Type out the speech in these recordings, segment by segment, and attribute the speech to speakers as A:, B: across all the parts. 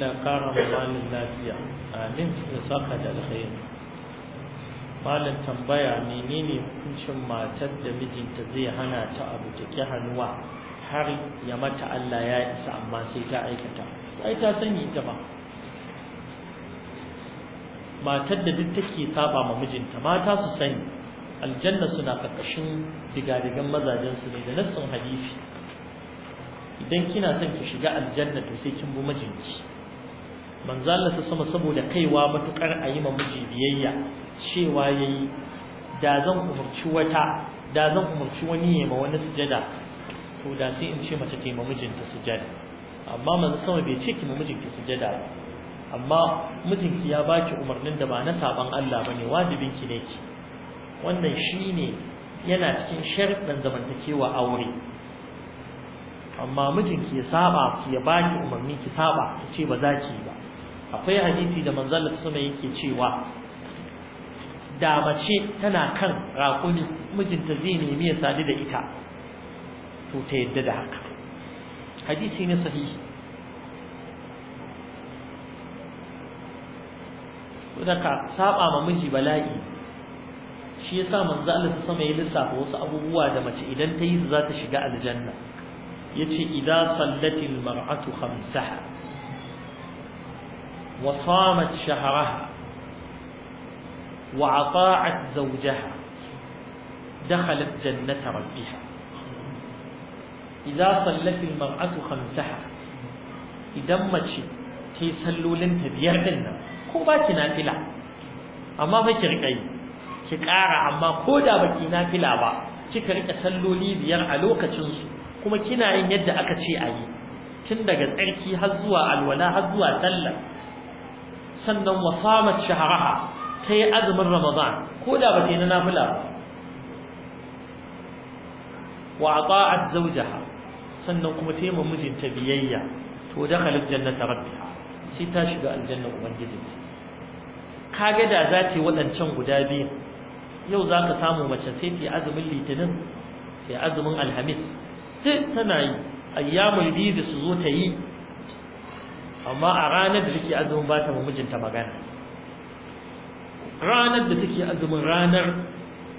A: Allah ƙara mamalin lafiya amin da saka da alkhairi Malam tambaya menene hukuncin matar da mijinta zai hana ta abu ta ki hannuwa har ya mata Allah ya isa amma sai ta aikata ai ta sani ita ba matar da duk take saba ma mijinta mata su sani aljanna suna ƙarƙashin digadigan mazajensu ne da nassin hadisi idan kina son ki shiga aljanna to sai kin bi mijinki manzo Allah sama saboda kaiwa matukar a yi miji biyayya cewa yayi da zan umarci wata da zan umurci wani ma wani sujada to da sai in ce mace ta yi mijinta sujada amma manzo sama bai ce ki ki sujada ba amma mijinki ya baki umarnin da ba na saban Allah bane ki ne ki wannan shine yana cikin dan zamantakewa aure amma mijinki ya saba ki ya baki umarni ki saba ki ce ba za ki yi ba akwai hadisi da manzon sama yake cewa da mace tana kan rakumi mijinta zai nemi ya sadu da ita to ta yadda da haka hadisi ne sahihi ka saba ma miji bala'i shi yasa manzo Allah sama ya lissafa wasu abubuwa da mace idan ta yi za ta shiga aljanna yace idza sallatil mar'atu khamsaha وصامت شهرها وأطاعت زوجها دخلت جنة ربها إذا صلت المرأة خمسها إذا مشي تي سلولن تبيار دنا ko ba ki nafila amma fa ki ki ƙara amma ko da ba nafila ba kika riƙe salloli biyar a lokacinsu. kuma kina yin yadda aka ce a yi tun daga tsarki har zuwa alwala har zuwa sallah sannan wa samat shahraha ta yi azumin ramadan ko da ba ta na nafila ba wa ata'at zawjaha sannan kuma ta yi ma mijinta biyayya to dakhalat jannata rabbiha sai ta shiga aljanna ubangijinta kaga da za ta yi waɗancan guda biyu yau za ka samu mace sai ta yi azumin litinin sai azumin alhamis sai tana yi ayyamul bidi su zo ta yi amma a ranar da take azumin ba ta mijinta magana ranar da take azumin ranar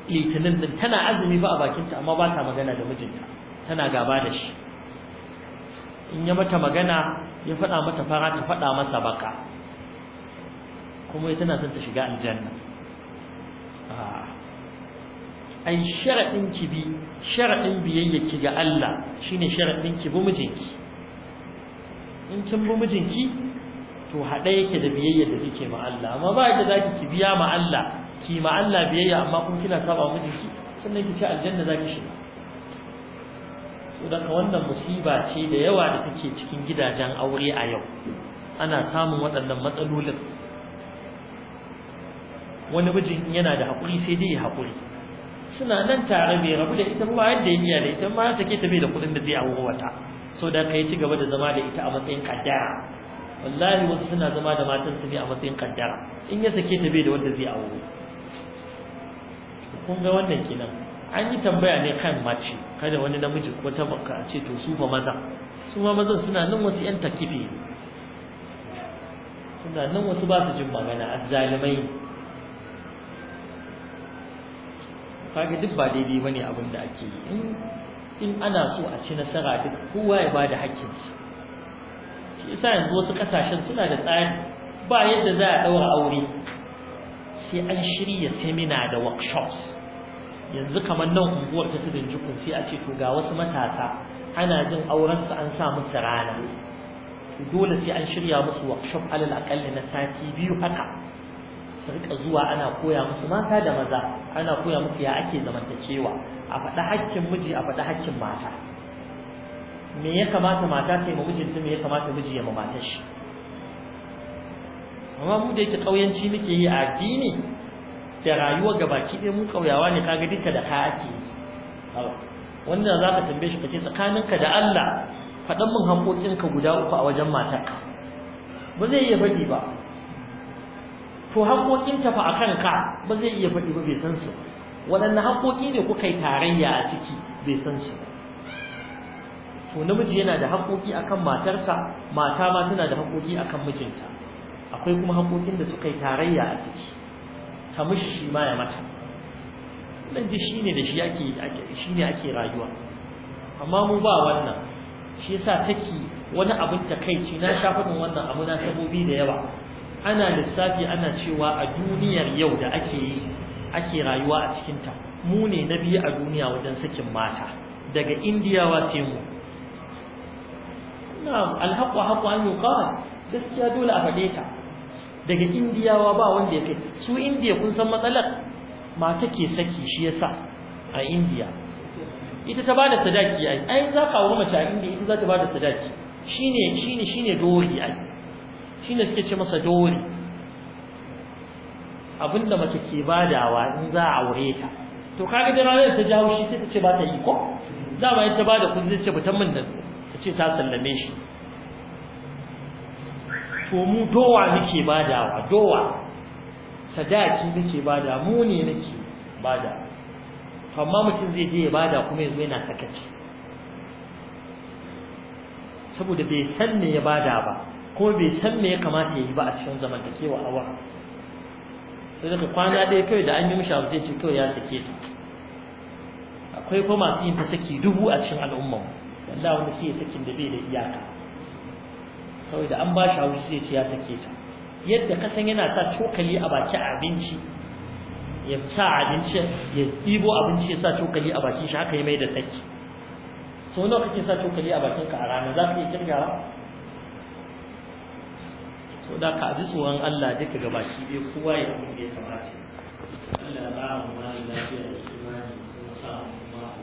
A: litinin din tana azumi ba a bakinta amma ba ta magana da mijinta tana gaba da shi in ya mata magana ya faɗa mata fara ta faɗa masa baka kuma ya tana son ta shiga aljanna ah. ai sharaɗin ki bi sharaɗin biyayya ki ga Allah shine sharaɗin ki bi mijinki in kin bi mijinki to haɗe yake da biyayya da kike ma Allah amma ba yadda zaki ki biya ma Allah ki ma Allah biyayya amma kun kina saba mijinki sannan ki ci aljanna zaki shiga saboda daga wannan musiba ce da yawa da take cikin gidajen aure a yau ana samun waɗannan matsalolin wani mijin yana da haƙuri sai dai ya haƙuri suna nan tare bai rabu da ita ba yadda ya iya da ita ma take ta bai da kuɗin da zai auri wata so da kai yi ci gaba da zama da ita a matsayin kaddara wallahi wasu suna zama da matan su ne a matsayin kaddara in ya sake ta bai da wanda zai aure kun ga wannan kenan an yi tambaya ne kan mace kada wani namiji ko ta baka a ce to su fa maza su ma mazan suna nan wasu yan takifi suna nan wasu ba su jin magana azzalimai kage duk ba daidai bane abin da ake yi in ana so a ci nasara duk kowa ya bada hakkinsa shi yasa yanzu wasu kasashen suna da tsari ba yadda za a ɗaura aure sai an shirya semina da workshops yanzu kamar nan unguwar ta tudun jikun sai a ce to ga wasu matasa ana jin aurensu an sa musu rana dole sai an shirya musu workshop alal akalli na sati biyu haka su rika zuwa ana koya musu mata da maza ana koya musu ya ake zamantacewa a faɗi hakkin miji a faɗi hakkin mata me ya kamata mata ta yi ma mijinta me ya kamata miji ya ma matar shi amma mu da yake ƙauyanci muke yi a addini da rayuwa gabaki ɗaya mu ƙauyawa ne kaga duka da ka ake wanda za ka tambaye shi kace tsakaninka da Allah faɗan min haƙoƙinka guda uku a wajen matarka ba zai iya faɗi ba to haƙoƙin ta fa akan ka ba zai iya faɗi ba bai san su waɗanne haƙoƙi ne kuka yi tarayya a ciki bai san su to namiji yana da haƙoƙi akan matarsa mata ma tana da haƙoƙi akan mijinta akwai kuma haƙoƙin da suka yi tarayya a ciki ta mishi ma ya mata nan ji shi ne da shi ake shi ne ake rayuwa amma mu ba wannan shi yasa take wani abin takaici na sha faɗin wannan abu na sabobi da yawa ana lissafi ana cewa a duniyar yau da ake yi ake rayuwa a cikinta mu ne na biyu a duniya wajen sakin mata daga indiyawa sai mu na alhaƙu an yi gaskiya dole a faɗe ta daga indiyawa ba wanda ya kai su indiya kun san matsalar mata ke saki shi yasa a indiya ita ta bada sadaki ai ai za ka auri mace a indiya ita za ta bada sadaki shine shine shine dori ai ne suke ce masa dori abinda mace ke badawa in za a aure ta to kaga da ranar ta jawo shi sai ta ce ba ta yi ko za ba ta bada kudi zai ce fitan min ta ce ta sallame shi to mu dowa muke badawa dowa sadaki muke badawa mu ne nake To amma mutum zai je ya bada kuma yanzu yana sakaci saboda bai san me ya bada ba ko bai san me ya kamata ya yi ba a cikin zaman da a wa sai daga kwana ɗaya kawai da an yi mishi abu sai ce kawai ya sake ta akwai kuma masu yin ta saki dubu a cikin al'ummar wallahi wanda sai ya sakin da bai da iyaka kawai da an ba shi abu sai ce ya sake ta yadda ka san yana sa cokali a baki a abinci ya sa abinci ya ɗibo abinci ya sa cokali a baki shi haka ya mai da saki sau nawa kake sa cokali a bakinka a rana za ka iya kirgawa so da ka ji tsoron Allah duka gaba shi bai kowa ya kuma ya kamata Allah ba mu lafiya da imani kuma sa